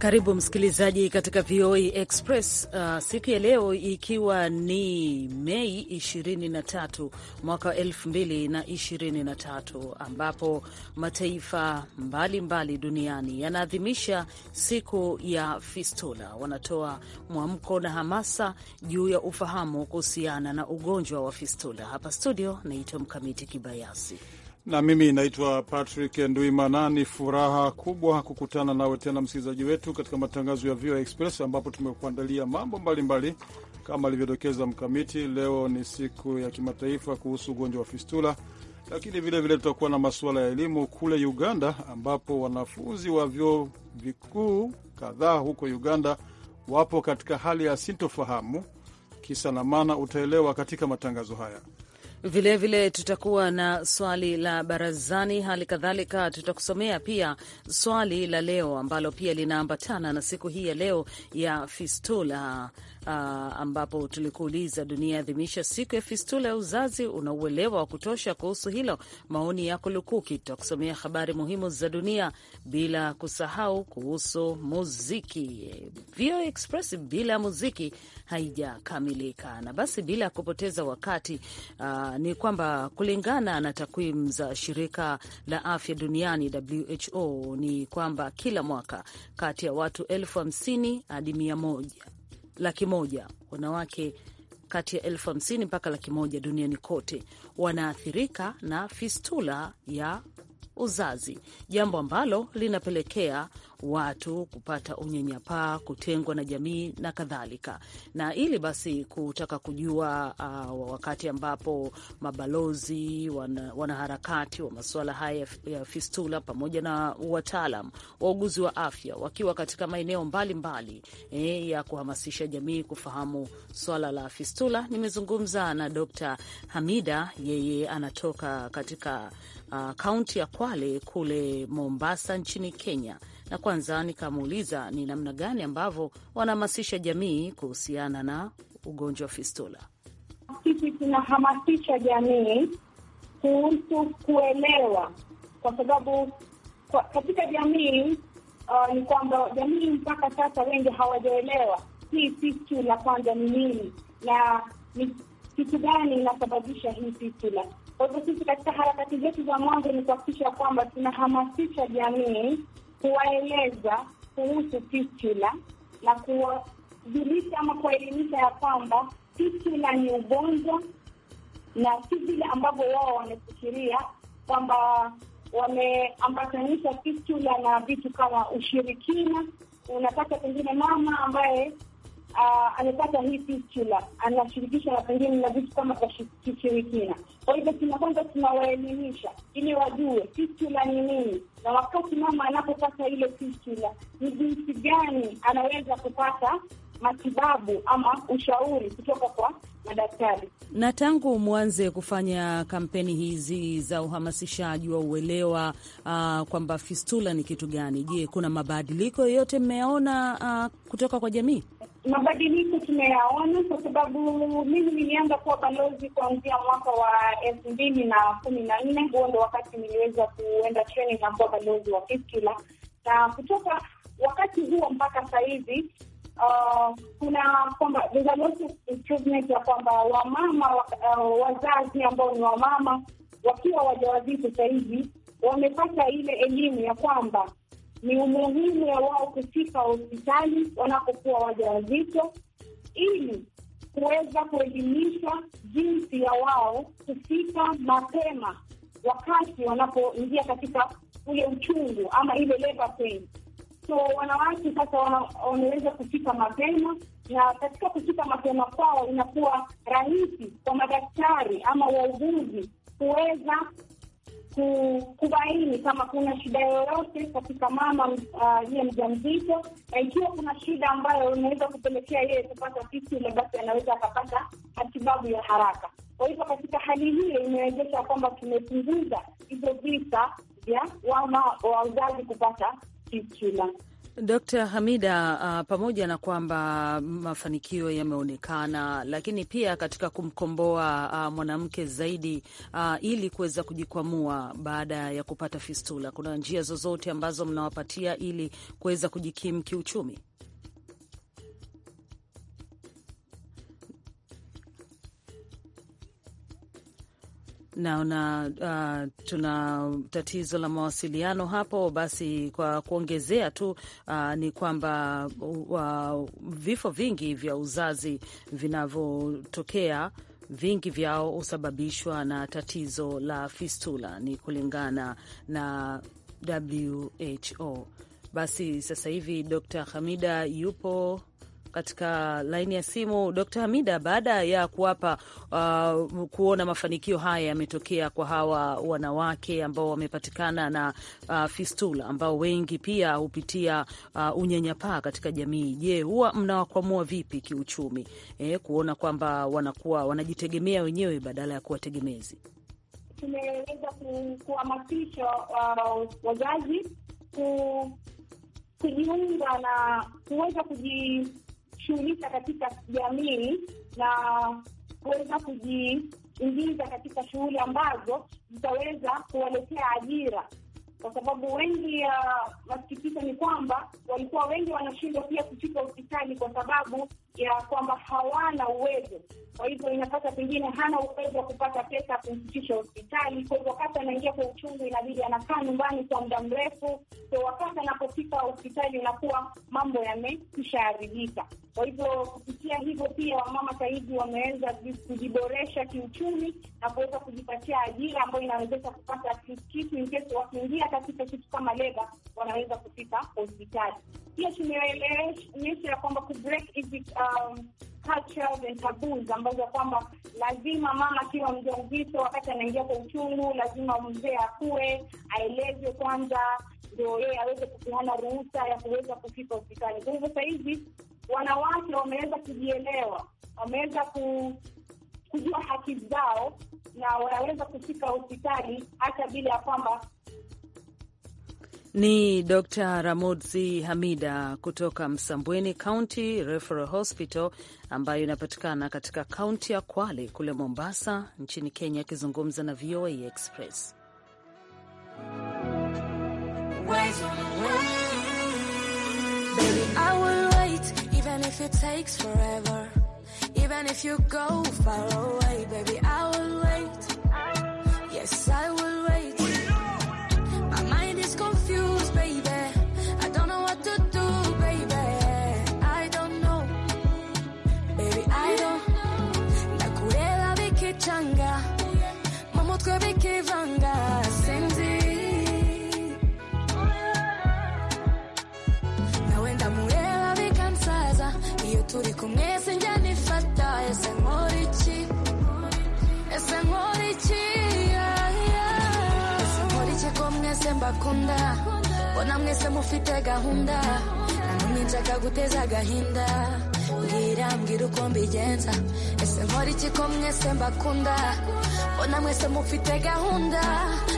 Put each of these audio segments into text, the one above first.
Karibu msikilizaji katika VOA Express uh, siku ya leo ikiwa ni Mei 23 mwaka 2023 ambapo mataifa mbalimbali mbali duniani yanaadhimisha siku ya fistula. Wanatoa mwamko na hamasa juu ya ufahamu kuhusiana na ugonjwa wa fistula. Hapa studio naitwa Mkamiti Kibayasi na mimi naitwa Patrick Nduimana. Ni furaha kubwa kukutana nawe tena msikilizaji wetu katika matangazo ya VOA Express ambapo tumekuandalia mambo mbalimbali mbali. Kama alivyodokeza Mkamiti, leo ni siku ya kimataifa kuhusu ugonjwa wa fistula, lakini vilevile tutakuwa na masuala ya elimu kule Uganda ambapo wanafunzi wa vyuo vikuu kadhaa huko Uganda wapo katika hali ya sintofahamu. Kisa na maana utaelewa katika matangazo haya. Vilevile vile tutakuwa na swali la barazani, hali kadhalika tutakusomea pia swali la leo ambalo pia linaambatana na siku hii ya leo ya fistula uh, ambapo tulikuuliza dunia yaadhimisha siku ya fistula ya uzazi. Una uelewa wa kutosha kuhusu hilo? Maoni yako lukuki. Tutakusomea habari muhimu za dunia, bila kusahau kuhusu muziki. VOA Express bila muziki haijakamilika. Na basi bila ya kupoteza wakati, uh, ni kwamba kulingana na takwimu za shirika la afya duniani WHO ni kwamba kila mwaka kati ya watu elfu hamsini hadi mia moja laki moja wanawake kati ya elfu hamsini mpaka laki moja duniani kote wanaathirika na fistula ya uzazi, jambo ambalo linapelekea watu kupata unyanyapaa, kutengwa na jamii na kadhalika. Na ili basi kutaka kujua uh, wakati ambapo mabalozi wana, wanaharakati wa masuala haya ya fistula pamoja na wataalam wauguzi wa afya wakiwa katika maeneo mbalimbali eh, ya kuhamasisha jamii kufahamu swala la fistula, nimezungumza na Dr. Hamida, yeye anatoka katika Uh, kaunti uh, ya Kwale kule Mombasa nchini Kenya, na kwanza nikamuuliza ni namna gani ambavyo wanahamasisha jamii kuhusiana na ugonjwa wa fistula. Sisi tunahamasisha jamii kuhusu kuelewa, kwa sababu kwa, katika jamii uh, ni kwamba jamii mpaka sasa wengi hawajaelewa hii fistula kwanza ni nini na ni kitu gani inasababisha hii fistula kwa hivyo sisi katika harakati zetu za mwanzo ni kuhakikisha kwamba tunahamasisha jamii, kuwaeleza kuhusu fistula na kuwajulisha ama kuwaelimisha ya kwamba fistula ni ugonjwa na si vile ambavyo wao wamefikiria kwamba wameambatanisha fistula na vitu kama ushirikina. Unapata pengine mama ambaye uh, amepata hii fistula, anashirikisha na pengine na vitu kama vya kishirikina. Kwa hivyo tuna kwanza tunawaelimisha ili wajue fistula ni nini, na wakati mama anapopata ile fistula ni jinsi gani anaweza kupata matibabu ama ushauri kutoka kwa madaktari. Na tangu mwanze kufanya kampeni hizi za uhamasishaji wa uelewa uh, kwamba fistula ni kitu gani, je, kuna mabadiliko yoyote mmeona uh, kutoka kwa jamii? Mabadiliko tumeyaona kwa sababu mimi nilianza kuwa balozi kuanzia mwaka wa elfu mbili na kumi na nne. Huo ndo wakati niliweza kuenda training na kuwa balozi wa Kiskila, na kutoka wakati huo mpaka sahizi uh, kuna kwamba improvement ya kwamba wamama uh, wazazi ambao ni wamama wakiwa wajawazito sahizi wamepata ile elimu ya kwamba ni umuhimu wa wao kufika hospitali wanapokuwa wajawazito ili kuweza kuelimishwa jinsi ya wao kufika mapema wakati wanapoingia katika ule uchungu ama ile labor pain. So wanawake sasa wanaweza kufika mapema, na katika kufika mapema kwao inakuwa rahisi kwa madaktari ama wauguzi kuweza kubaini kama kuna shida yoyote katika mama yeye uh, mja mzito, na ikiwa kuna shida ambayo unaweza kupelekea yeye kupata fistula, basi anaweza akapata matibabu ya haraka. Kwa hivyo katika hali hiyo imewezesha kwamba tumepunguza hizo visa vya wama wa uzazi kupata fistula d Hamida, uh, pamoja na kwamba mafanikio yameonekana, lakini pia katika kumkomboa uh, mwanamke zaidi uh, ili kuweza kujikwamua baada ya kupata fistula, kuna njia zozote ambazo mnawapatia ili kuweza kujikimu kiuchumi? naona uh, tuna tatizo la mawasiliano hapo. Basi kwa kuongezea tu uh, ni kwamba uh, vifo vingi vya uzazi vinavyotokea vingi vyao husababishwa na tatizo la fistula, ni kulingana na WHO. Basi sasa hivi Dr. Hamida yupo katika laini ya simu Dkt. Hamida, baada ya kuwapa uh, kuona mafanikio haya yametokea kwa hawa wanawake ambao wamepatikana na uh, fistula ambao wengi pia hupitia uh, unyanyapaa katika jamii, je, huwa mnawakwamua vipi kiuchumi eh, kuona kwamba wanakuwa wanajitegemea wenyewe badala ya kuwa tegemezi? Tumeweza kuhamasisha uh, wazazi kujiunga na kuweza kuji kujishughulisha katika jamii na kuweza kujiingiza katika shughuli ambazo zitaweza kuwaletea ajira, kwa sababu wengi ya uh, masikitiko ni kwamba walikuwa wengi wanashindwa pia kufika hospitali kwa sababu ya kwamba hawana uwezo. Kwa hivyo inapata pengine hana uwezo wa kupata pesa kumfikisha hospitali. Kwa hivyo wakati anaingia kwa uchungu, inabidi anakaa nyumbani kwa muda mrefu. So wakati anapofika hospitali, unakuwa mambo yamekishaharibika. Kwa hivyo kupitia hivyo, pia wamama sahizi wameweza kujiboresha kiuchumi na kuweza kujipatia ajira ambayo inawezesha kupata kitu inkeso, wakiingia katika kitu kama leba, wanaweza kufika hospitali. Pia tumeonyesha ya kwamba ku break uh, cultures and taboos ambazo kwamba lazima mama akiwa mjamzito, wakati anaingia kwa uchungu, lazima mzee akue aelezwe kwanza, ndio yeye aweze kupeana ruhusa ya kuweza kufika hospitali. Kwa hivyo sasa hivi wanawake wameweza kujielewa, wameweza ku kujua haki zao na wanaweza kufika hospitali hata bila ya kwamba ni Dr Ramudzi Hamida kutoka Msambweni County Referral Hospital ambayo inapatikana katika kaunti ya Kwale kule Mombasa nchini Kenya, akizungumza na VOA Express. Baby, turi kumwe sinjya nifata ese nkora iki ese nkora iki ese nkora iki ko mwese mbakunda mbona mwese mufite gahunda nanumwe nshaka guteza agahinda mbwira mbwira uko mbigenza ese nkora iki ko mwese mbakunda mbona mwese mufite gahunda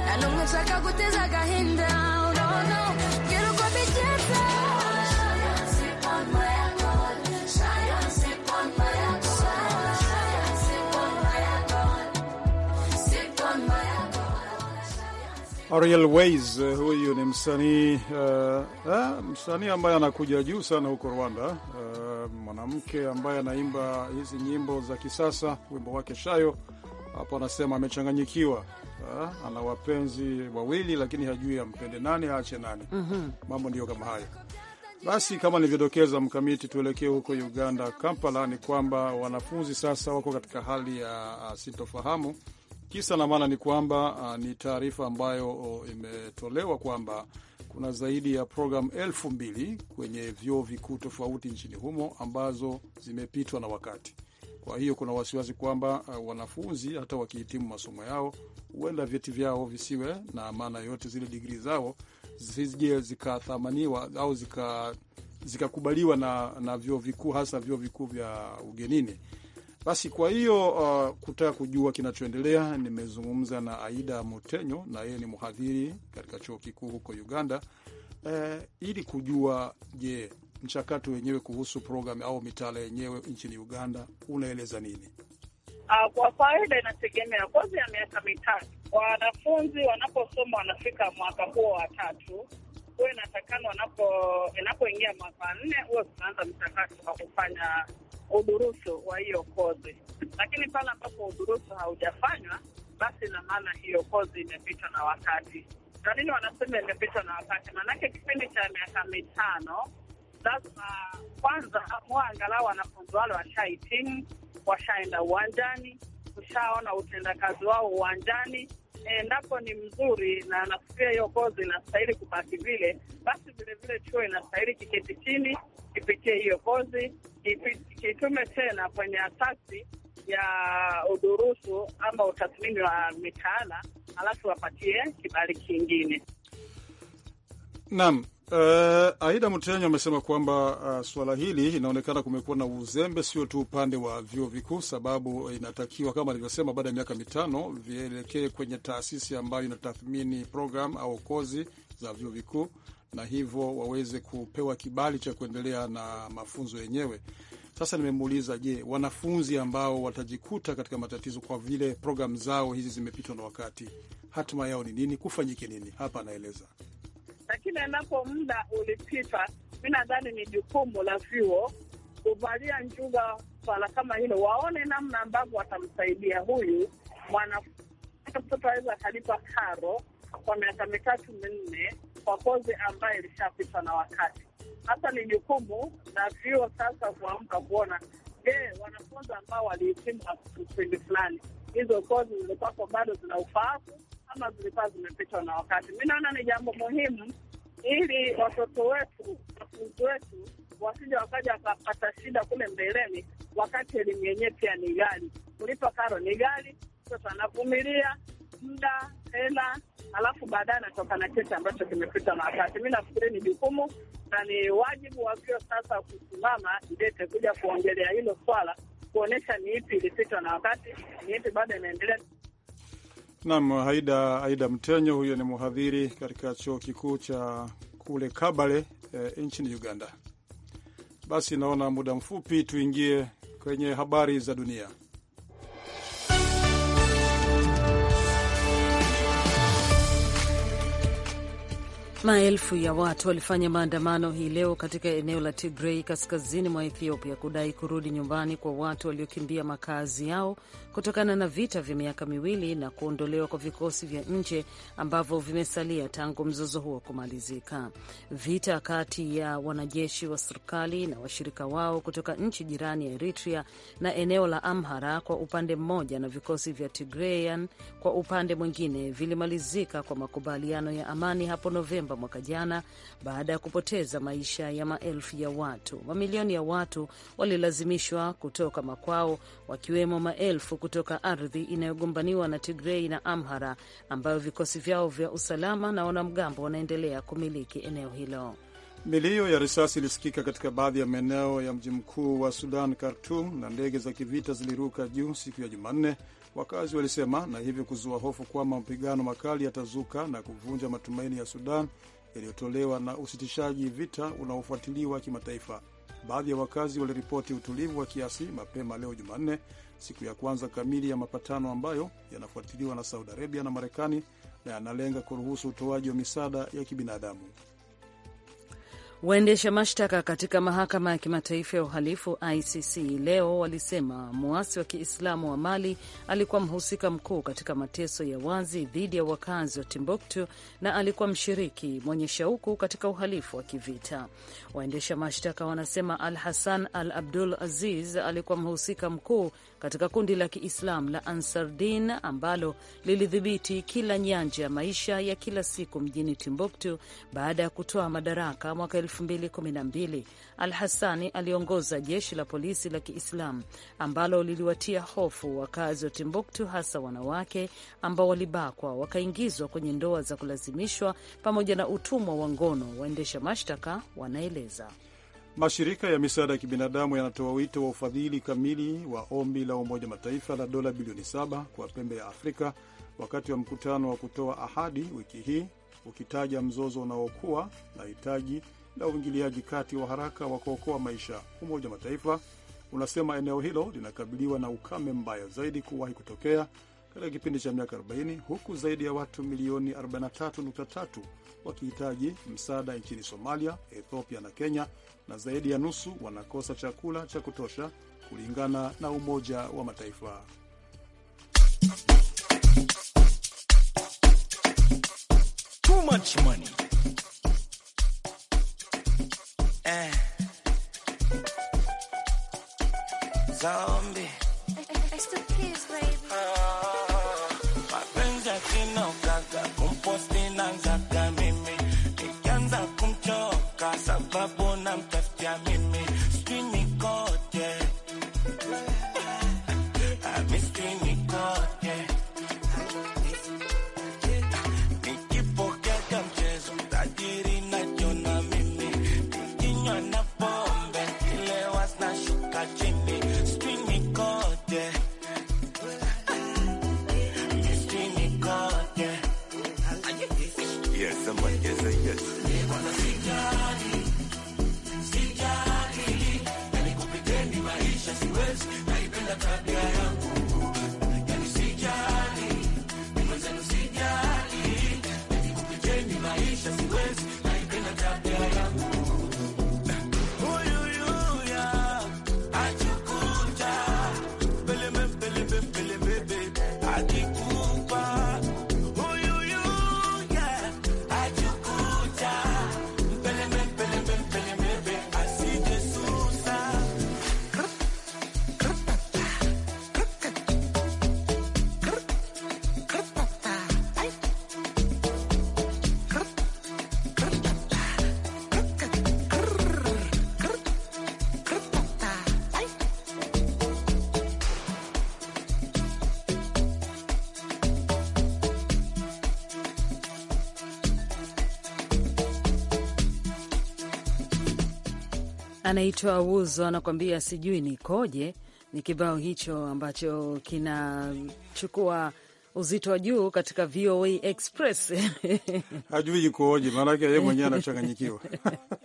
nanumwe nshaka guteza agahinda urabona oh, mbwira uko mbigenza Ariel Ways eh, huyu ni msanii uh, msanii ambaye anakuja juu sana huko Rwanda uh, mwanamke ambaye anaimba hizi nyimbo za kisasa. Wimbo wake Shayo hapo anasema amechanganyikiwa, uh, ana wapenzi wawili lakini hajui ampende nani aache nani. mm -hmm. Mambo ndiyo kama hayo. Basi kama nilivyodokeza mkamiti, tuelekee huko Uganda, Kampala, ni kwamba wanafunzi sasa wako katika hali ya sintofahamu Kisa na maana ni kwamba uh, ni taarifa ambayo uh, imetolewa kwamba kuna zaidi ya programu elfu mbili kwenye vyuo vikuu tofauti nchini humo ambazo zimepitwa na wakati. Kwa hiyo kuna wasiwasi kwamba uh, wanafunzi hata wakihitimu masomo yao huenda vyeti vyao visiwe na maana yote, zile digrii zao zisije zikathamaniwa au zikakubaliwa zika na, na vyuo vikuu hasa vyuo vikuu vya ugenini basi kwa hiyo uh, kutaka kujua kinachoendelea, nimezungumza na Aida Mutenyo na yeye ni mhadhiri katika chuo kikuu huko Uganda, uh, ili kujua je, mchakato wenyewe kuhusu programu au mitaala yenyewe nchini Uganda unaeleza nini? Uh, kwa faida inategemea kozi ya miaka mitatu. Wanafunzi wanaposoma wanafika mwaka huo watatu huwa inatakana wanapo inapoingia mwaka nne huwa tunaanza mchakato wa kufanya udurusu wa hiyo kozi, lakini pale ambapo udurusu haujafanywa, basi ina maana hiyo kozi imepitwa na wakati. Kwa nini wanasema imepitwa na wakati? Maanake kipindi cha miaka mitano lazima kwanza amua angalau wanafunzi wale washahitimu, washaenda uwanjani, ushaona utendakazi wao uwanjani endapo eh, ni mzuri na nafikiria hiyo kozi inastahili kubaki vile, basi vilevile chuo inastahili kiketi chini kipitie hiyo kozi kitume tena kwenye asasi ya udurusu ama utathmini wa mitaala, alafu wapatie kibali kingine. Naam. Uh, Aida Mtenyo amesema kwamba uh, eh, suala hili inaonekana kumekuwa na uzembe, sio tu upande wa vyuo vikuu, sababu inatakiwa kama alivyosema, baada ya miaka mitano vielekee kwenye taasisi ambayo inatathmini program au kozi za vyuo vikuu, na hivyo waweze kupewa kibali cha kuendelea na mafunzo yenyewe. Sasa nimemuuliza, je, wanafunzi ambao watajikuta katika matatizo kwa vile programu zao hizi zimepitwa na wakati, hatima yao ni nini? Kufanyike nini? Hapa anaeleza lakini anapo muda ulipita, mi nadhani ni jukumu la vyuo kuvalia njuga swala kama hilo, waone namna ambavyo watamsaidia huyu mwanafunzi. Mtoto aweza akalipa karo kwa miaka mitatu minne kwa kozi ambayo ilishapitwa na wakati. Hasa ni jukumu la vyuo sasa kuamka kuona, je, wanafunzi ambao walihitimu kipindi fulani, hizo kozi zilizokuwako bado zina ufaafu ama zilikuwa zimepitwa na wakati. Mi naona ni jambo muhimu, ili watoto wetu, wanafunzi wetu wasija wakaja wakapata shida kule mbeleni, wakati elimu yenyewe pia ni gari kulipa karo ni gari Mtoto anavumilia muda, hela, alafu baadaye anatoka na kete ambacho kimepita na wakati. Mi nafikiri ni jukumu na ni wajibu wakio sasa kusimama kidete kuja kuongelea hilo swala, kuonyesha ni ipi ilipitwa na wakati, ni ipi bado inaendelea. Nam Haida, Aida Mtenyo huyo ni mhadhiri katika chuo kikuu cha kule Kabale e, nchini Uganda. Basi naona muda mfupi tuingie kwenye habari za dunia. Maelfu ya watu walifanya maandamano hii leo katika eneo la Tigrei kaskazini mwa Ethiopia kudai kurudi nyumbani kwa watu waliokimbia makazi yao kutokana na vita vya miaka miwili na kuondolewa kwa vikosi vya nje ambavyo vimesalia tangu mzozo huo kumalizika. Vita kati ya wanajeshi wa serikali na washirika wao kutoka nchi jirani ya Eritrea na eneo la Amhara kwa upande mmoja na vikosi vya tigreian kwa upande mwingine vilimalizika kwa makubaliano ya amani hapo Novemba Novemba mwaka jana baada ya kupoteza maisha ya maelfu ya watu. Mamilioni ya watu walilazimishwa kutoka makwao, wakiwemo maelfu kutoka ardhi inayogombaniwa na Tigrei na Amhara, ambayo vikosi vyao vya usalama na wanamgambo wanaendelea kumiliki eneo hilo. Milio ya risasi ilisikika katika baadhi ya maeneo ya mji mkuu wa Sudan, Khartum, na ndege za kivita ziliruka juu siku ya Jumanne wakazi walisema, na hivyo kuzua hofu kwamba mapigano makali yatazuka na kuvunja matumaini ya Sudan yaliyotolewa na usitishaji vita unaofuatiliwa kimataifa. Baadhi ya wakazi waliripoti utulivu wa kiasi mapema leo Jumanne, siku ya kwanza kamili ya mapatano ambayo yanafuatiliwa na Saudi Arabia na Marekani na yanalenga kuruhusu utoaji wa misaada ya kibinadamu. Waendesha mashtaka katika mahakama ya kimataifa ya uhalifu ICC leo walisema muasi wa Kiislamu wa Mali alikuwa mhusika mkuu katika mateso ya wazi dhidi ya wakazi wa Timbuktu na alikuwa mshiriki mwenye shauku katika uhalifu wa kivita. Waendesha mashtaka wanasema Al Hassan Al Abdul Aziz alikuwa mhusika mkuu katika kundi la Kiislamu la Ansardin ambalo lilidhibiti kila nyanja ya maisha ya kila siku mjini Timbuktu baada ya kutoa madaraka mwaka 2012 Al Hasani aliongoza jeshi la polisi la Kiislamu ambalo liliwatia hofu wakazi wa Timbuktu, hasa wanawake ambao walibakwa wakaingizwa kwenye ndoa za kulazimishwa pamoja na utumwa wa ngono. Waendesha mashtaka wanaeleza mashirika ya misaada ya kibinadamu yanatoa wito wa ufadhili kamili wa ombi la Umoja Mataifa la dola bilioni saba kwa pembe ya Afrika wakati wa mkutano wa kutoa ahadi wiki hii ukitaja mzozo unaokuwa na hitaji la uingiliaji kati wa haraka wa kuokoa maisha. Umoja wa Mataifa unasema eneo hilo linakabiliwa na ukame mbaya zaidi kuwahi kutokea katika kipindi cha miaka 40 huku zaidi ya watu milioni 43.3 wakihitaji msaada nchini Somalia, Ethiopia na Kenya, na zaidi ya nusu wanakosa chakula cha kutosha kulingana na Umoja wa Mataifa. much money. eh? zombie. anaitwa Wuzo anakuambia sijui nikoje. Ni kibao hicho ambacho kinachukua uzito wa juu katika VOA Express. Hajui ikoje, maanake yeye mwenyewe anachanganyikiwa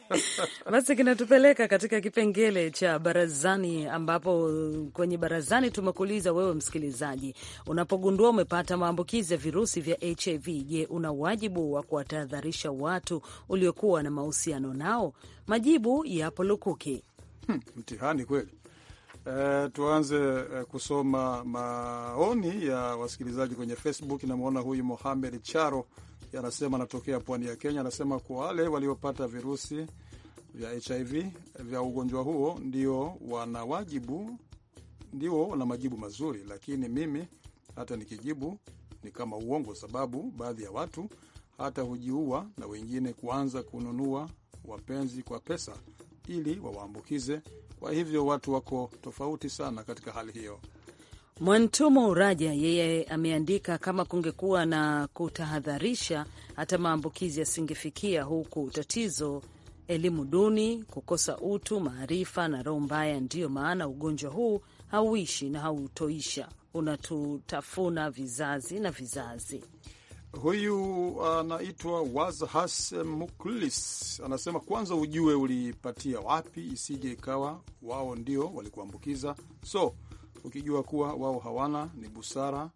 Basi kinatupeleka katika kipengele cha barazani, ambapo kwenye barazani tumekuuliza wewe msikilizaji, unapogundua umepata maambukizi ya virusi vya HIV, je, una wajibu wa kuwatahadharisha watu uliokuwa na mahusiano nao? Majibu yapo lukuki. Hmm, mtihani kweli. Uh, tuanze uh, kusoma maoni ya wasikilizaji kwenye Facebook. Namwona huyu Mohamed Charo yanasema anatokea pwani ya Kenya. Anasema kwa wale waliopata virusi vya HIV vya ugonjwa huo ndio wana wajibu, ndio wana majibu mazuri, lakini mimi hata nikijibu ni kama uongo, sababu baadhi ya watu hata hujiua na wengine kuanza kununua wapenzi kwa pesa ili wawaambukize. Kwa hivyo watu wako tofauti sana katika hali hiyo. Mwantumo Uraja yeye ameandika kama kungekuwa na kutahadharisha, hata maambukizi yasingefikia huku. Tatizo elimu duni, kukosa utu, maarifa na roho mbaya, ndiyo maana ugonjwa huu hauishi na hautoisha, unatutafuna vizazi na vizazi. Huyu anaitwa Wazhas Muklis, anasema kwanza ujue ulipatia wapi, isije ikawa wao ndio walikuambukiza. So ukijua kuwa wao hawana, ni busara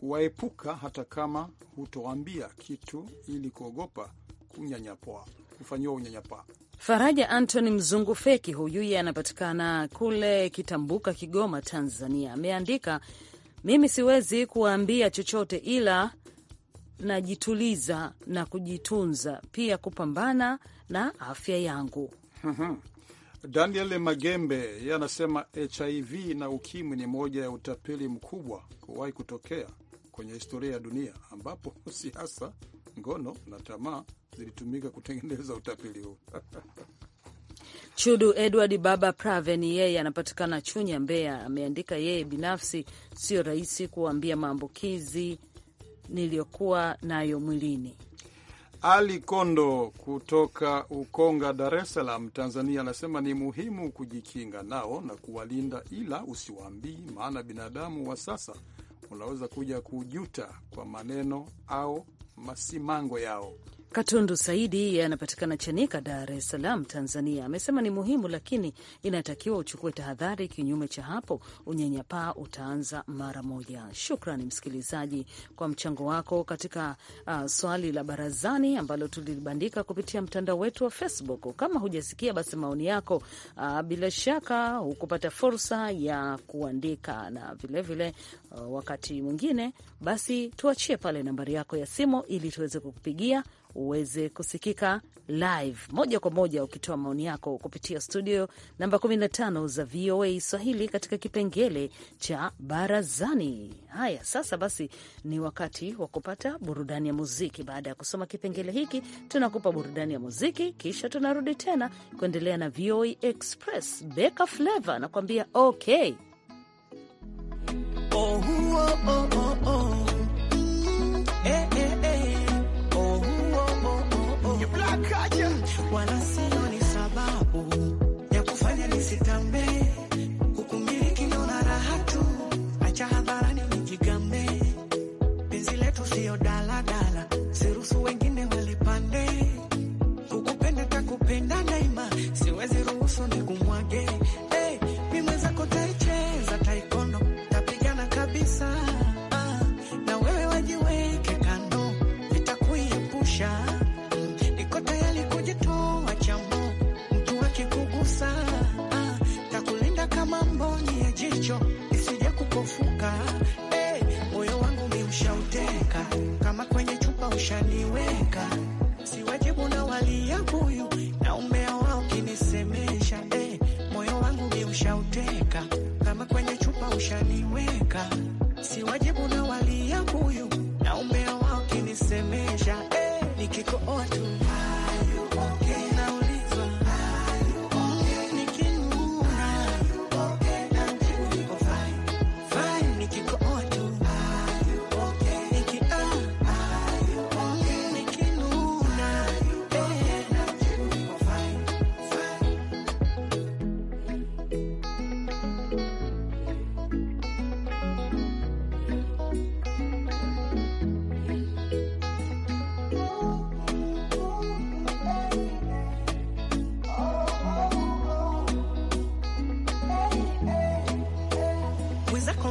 kuwaepuka, hata kama hutoambia kitu, ili kuogopa kunyanyapwa, kufanyiwa unyanyapaa. Faraja Antony mzungu feki huyu, yeye anapatikana kule Kitambuka, Kigoma, Tanzania. Ameandika, mimi siwezi kuwaambia chochote, ila najituliza na kujitunza, pia kupambana na afya yangu. Mhm. Daniel Magembe ye anasema HIV na ukimwi ni moja ya utapeli mkubwa kuwahi kutokea kwenye historia ya dunia, ambapo siasa, ngono na tamaa zilitumika kutengeneza utapeli huu. Chudu Edward Baba Praven yeye anapatikana Chunya, Mbeya, ameandika yeye binafsi, sio rahisi kuambia maambukizi niliyokuwa nayo mwilini ali Kondo kutoka Ukonga, Dar es Salaam, Tanzania, anasema ni muhimu kujikinga nao na kuwalinda, ila usiwaambii, maana binadamu wa sasa unaweza kuja kujuta kwa maneno au masimango yao. Katundu Saidi anapatikana Chanika, Dar es Salaam, Tanzania, amesema ni muhimu, lakini inatakiwa uchukue tahadhari. Kinyume cha hapo, unyanyapaa utaanza mara moja. Shukrani msikilizaji kwa mchango wako katika uh, swali la barazani ambalo tulibandika kupitia mtandao wetu wa Facebook. Kama hujasikia, basi maoni yako uh, bila shaka hukupata fursa ya kuandika, na vilevile vile, uh, wakati mwingine basi tuachie pale nambari yako ya simu ili tuweze kukupigia uweze kusikika live moja kwa moja ukitoa maoni yako kupitia studio namba 15 za VOA Swahili katika kipengele cha barazani. Haya, sasa basi ni wakati wa kupata burudani ya muziki. Baada ya kusoma kipengele hiki, tunakupa burudani ya muziki, kisha tunarudi tena kuendelea na VOA Express. Beka Flava nakuambia okay. Oh, oh, oh, oh. oh. wanna see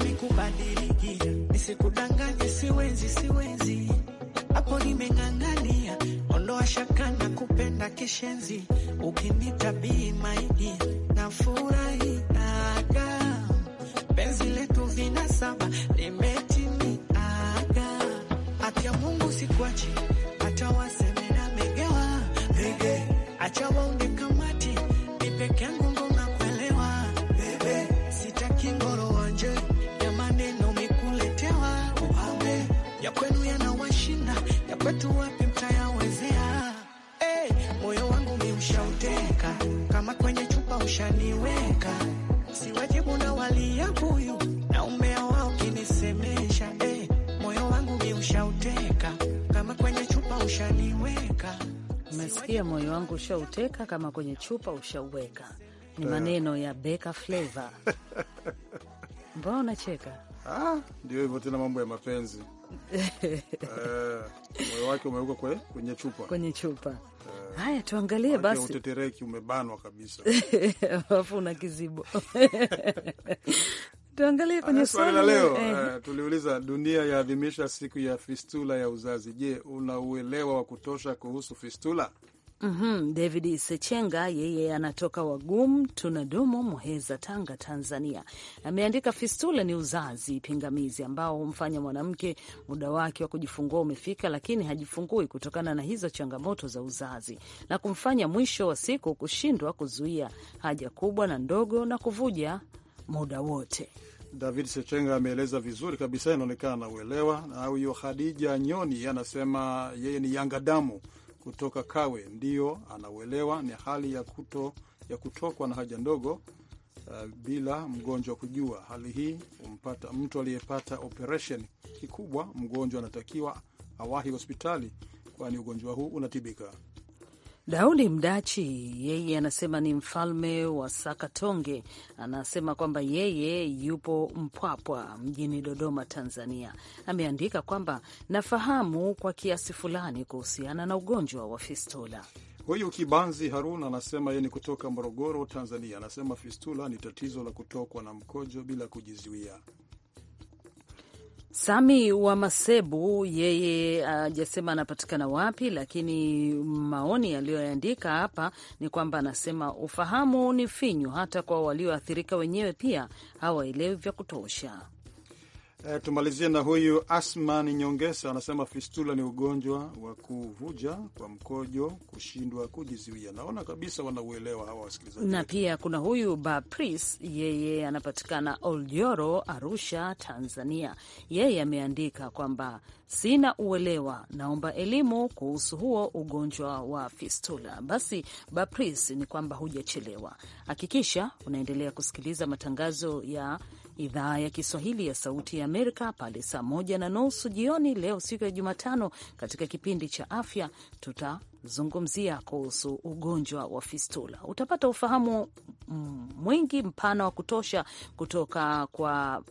nimekubadilikia, nisikudanganye, siwezi siwezi, hapo nimeng'ang'ania, ondoa shaka na kupenda kishenzi, ukinitabii maidi na furahi aga, penzi letu vina saba limetimi aga, atia Mungu sikwachi, acha waseme na megewa, acha waonge wapi mtayawezea? Hey, eh, moyo wangu miushauteka kama kwenye chupa ushaniweka, na walia na umbea wao kinisemesha. Hey, eh, moyo wangu miushauteka kama kwenye chupa ushaniweka. Umesikia, moyo wangu ushauteka kama kwenye chupa ushauweka, ni maneno ya Beka Flava. Mbona unacheka? Ah, ndio hivyo tena, mambo ya mapenzi Eh, moyo wake umeuka kwe, kwenye chupa kwenye chupa. Eh, Haya, tuangalie basi, utetereki umebanwa kabisa, alafu una kizibo Tuangalie kwenye swali la leo eh. Uh, tuliuliza dunia yaadhimisha siku ya fistula ya uzazi. Je, una uelewa wa kutosha kuhusu fistula? Mm -hmm. David Sechenga yeye anatoka Wagum tunadumu Muheza, Tanga, Tanzania, ameandika fistula ni uzazi pingamizi ambao humfanya mwanamke muda wake wa kujifungua umefika, lakini hajifungui kutokana na hizo changamoto za uzazi na kumfanya mwisho wa siku kushindwa kuzuia haja kubwa na ndogo na kuvuja muda wote. David Sechenga ameeleza vizuri kabisa, inaonekana uelewa. Na huyo Khadija Nyoni anasema yeye ni Yanga damu kutoka Kawe ndiyo anauelewa, ni hali ya, kuto, ya kutokwa na haja ndogo uh, bila mgonjwa kujua. Hali hii umpata mtu aliyepata operation kikubwa. Mgonjwa anatakiwa awahi hospitali, kwani ugonjwa huu unatibika. Daudi Mdachi yeye anasema ni mfalme wa Sakatonge. Anasema kwamba yeye yupo Mpwapwa mjini Dodoma, Tanzania. Ameandika kwamba nafahamu kwa kiasi fulani kuhusiana na ugonjwa wa fistula. Huyu Kibanzi Harun anasema yeye ni kutoka Morogoro, Tanzania. Anasema fistula ni tatizo la kutokwa na mkojo bila kujizuia. Sami wa Masebu yeye ajasema uh, anapatikana wapi, lakini maoni aliyoandika hapa ni kwamba anasema ufahamu ni finyu, hata kwa walioathirika wenyewe pia hawaelewi vya kutosha. E, tumalizie na huyu Asman Nyongesa anasema fistula ni ugonjwa wa kuvuja kwa mkojo, kushindwa kujizuia. Naona kabisa wanauelewa hawa wasikilizaji. Na pia kuna huyu Bapris, yeye anapatikana Oljoro, Arusha, Tanzania. Yeye ameandika kwamba sina uelewa, naomba elimu kuhusu huo ugonjwa wa fistula. Basi Bapris, ni kwamba hujachelewa, hakikisha unaendelea kusikiliza matangazo ya idhaa ya Kiswahili ya Sauti ya Amerika pale saa moja na nusu jioni leo siku ya Jumatano. Katika kipindi cha afya tutazungumzia kuhusu ugonjwa wa fistula. Utapata ufahamu mwingi mpana wa kutosha kutoka kwa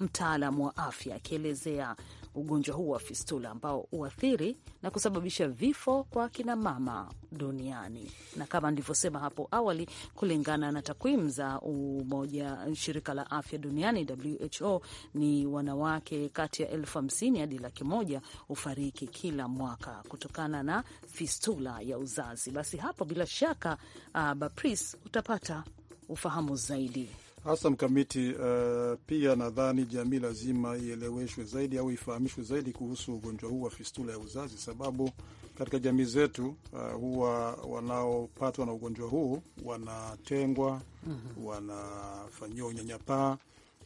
mtaalamu wa afya akielezea ugonjwa huu wa fistula ambao huathiri na kusababisha vifo kwa mama duniani. Na kama nilivyosema hapo awali, kulingana na takwimu za umoja shirika la afya duniani WHO, ni wanawake kati ya elfu hamsini hadi laki moja hufariki kila mwaka kutokana na fistula ya uzazi. Basi hapo bila shaka uh, Bapris utapata ufahamu zaidi hasa mkamiti. Uh, pia nadhani jamii lazima ieleweshwe zaidi au ifahamishwe zaidi kuhusu ugonjwa huu wa fistula ya uzazi, sababu katika jamii zetu uh, huwa wanaopatwa na ugonjwa huu wanatengwa, mm -hmm. wanafanyiwa unyanyapaa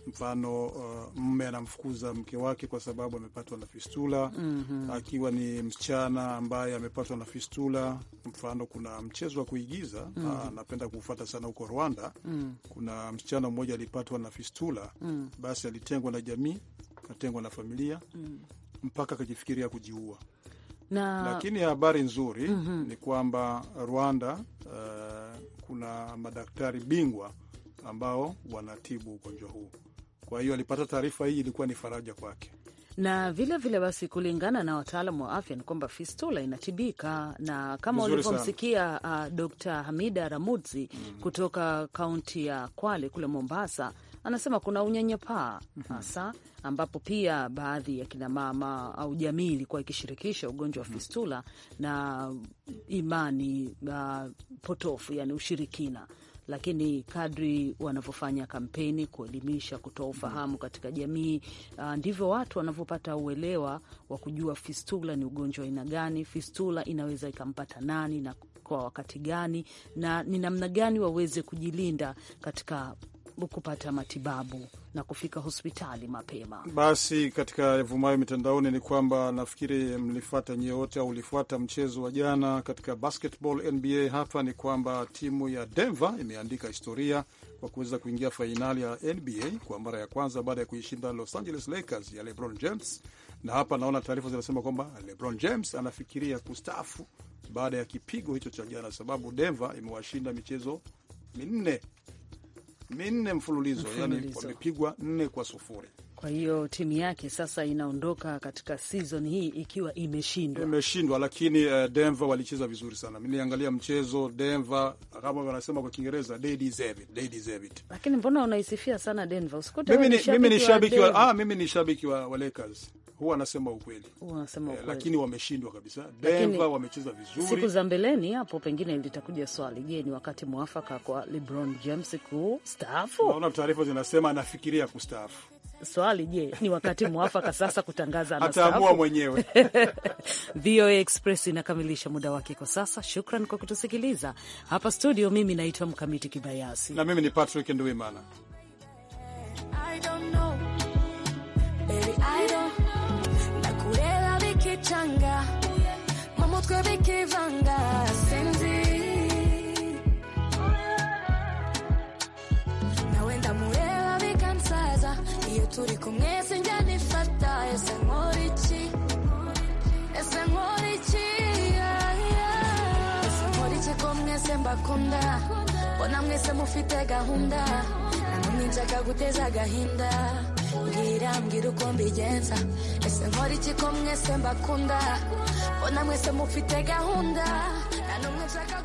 mfano uh, mme anamfukuza mke wake kwa sababu amepatwa na fistula mm -hmm. Akiwa ni msichana ambaye amepatwa na fistula, mfano kuna mchezo wa kuigiza mm -hmm. anapenda ah, kuufata sana huko Rwanda mm -hmm. Kuna msichana mmoja alipatwa na fistula mm -hmm. Basi alitengwa na jamii, katengwa na familia mm -hmm. mpaka akajifikiria kujiua na... lakini habari nzuri mm -hmm. ni kwamba Rwanda uh, kuna madaktari bingwa ambao wanatibu ugonjwa huu. Kwa hiyo alipata taarifa hii, ilikuwa ni faraja kwake na vilevile vile basi, kulingana na wataalamu wa afya ni kwamba fistula inatibika, na kama ulivyomsikia uh, Dr. Hamida Ramudzi mm -hmm. kutoka kaunti ya Kwale kule Mombasa, anasema kuna unyanyapaa mm-hmm. hasa mm -hmm. ambapo pia baadhi ya kinamama au jamii ilikuwa ikishirikisha ugonjwa wa mm. fistula na imani uh, potofu, yani ushirikina lakini kadri wanavyofanya kampeni kuelimisha, kutoa ufahamu katika jamii, uh, ndivyo watu wanavyopata uelewa wa kujua fistula ni ugonjwa aina gani, fistula inaweza ikampata nani na kwa wakati gani, na ni namna gani waweze kujilinda katika kupata matibabu na kufika hospitali mapema. Basi katika evumayo mitandaoni ni kwamba nafikiri mlifuata nyie wote au ulifuata mchezo wa jana katika basketball NBA. Hapa ni kwamba timu ya Denver imeandika historia kwa kuweza kuingia fainali ya NBA kwa mara ya kwanza baada ya kuishinda Los Angeles Lakers ya LeBron James, na hapa naona taarifa zinasema kwamba LeBron James anafikiria kustaafu baada ya kipigo hicho cha jana, sababu Denver imewashinda michezo minne minne mfululizo, yani wamepigwa nne kwa sufuri. Kwa hiyo timu yake sasa inaondoka katika season hii ikiwa imeshindwa, imeshindwa. Lakini uh, Denver walicheza vizuri sana. Mimi mchezo Denver, kama wanasema kwa Kiingereza they deserve it, they deserve it. Lakini mbona unaisifia sana Denver? Usikute mimi ni shabiki wa, ah, mimi ni shabiki wa, wa Lakers huwa anasema ukweli, Anasema eh, ukweli. Eh, lakini wameshindwa kabisa. Denver wamecheza vizuri. Siku za mbeleni hapo pengine litakuja swali, je, ni wakati mwafaka kwa LeBron James kustaafu? Naona taarifa zinasema anafikiria kustaafu. Swali, je, ni wakati mwafaka sasa kutangaza anastaafu? Ataamua mwenyewe. VOA Express inakamilisha muda wake kwa sasa. Shukran kwa kutusikiliza hapa studio. Mimi naitwa Mkamiti Kibayasi na mimi ni Patrick Nduimana. I I don't don't... know. Baby, ibanga mu mutwe bikivanga sinzi nawe ndamureba bikansaza iyo turi kumwe sinjya nifata ese nkora iki ese nkora iki ese nkora iki ko mwese mbakunda mbona mwese mufite gahunda namwe mwinjyaga guteza agahinda mbwira mbwira uko mbigenza ese nkora iki ko mwese mbakunda mbona mwese mufite gahunda nta n'umwe nshaka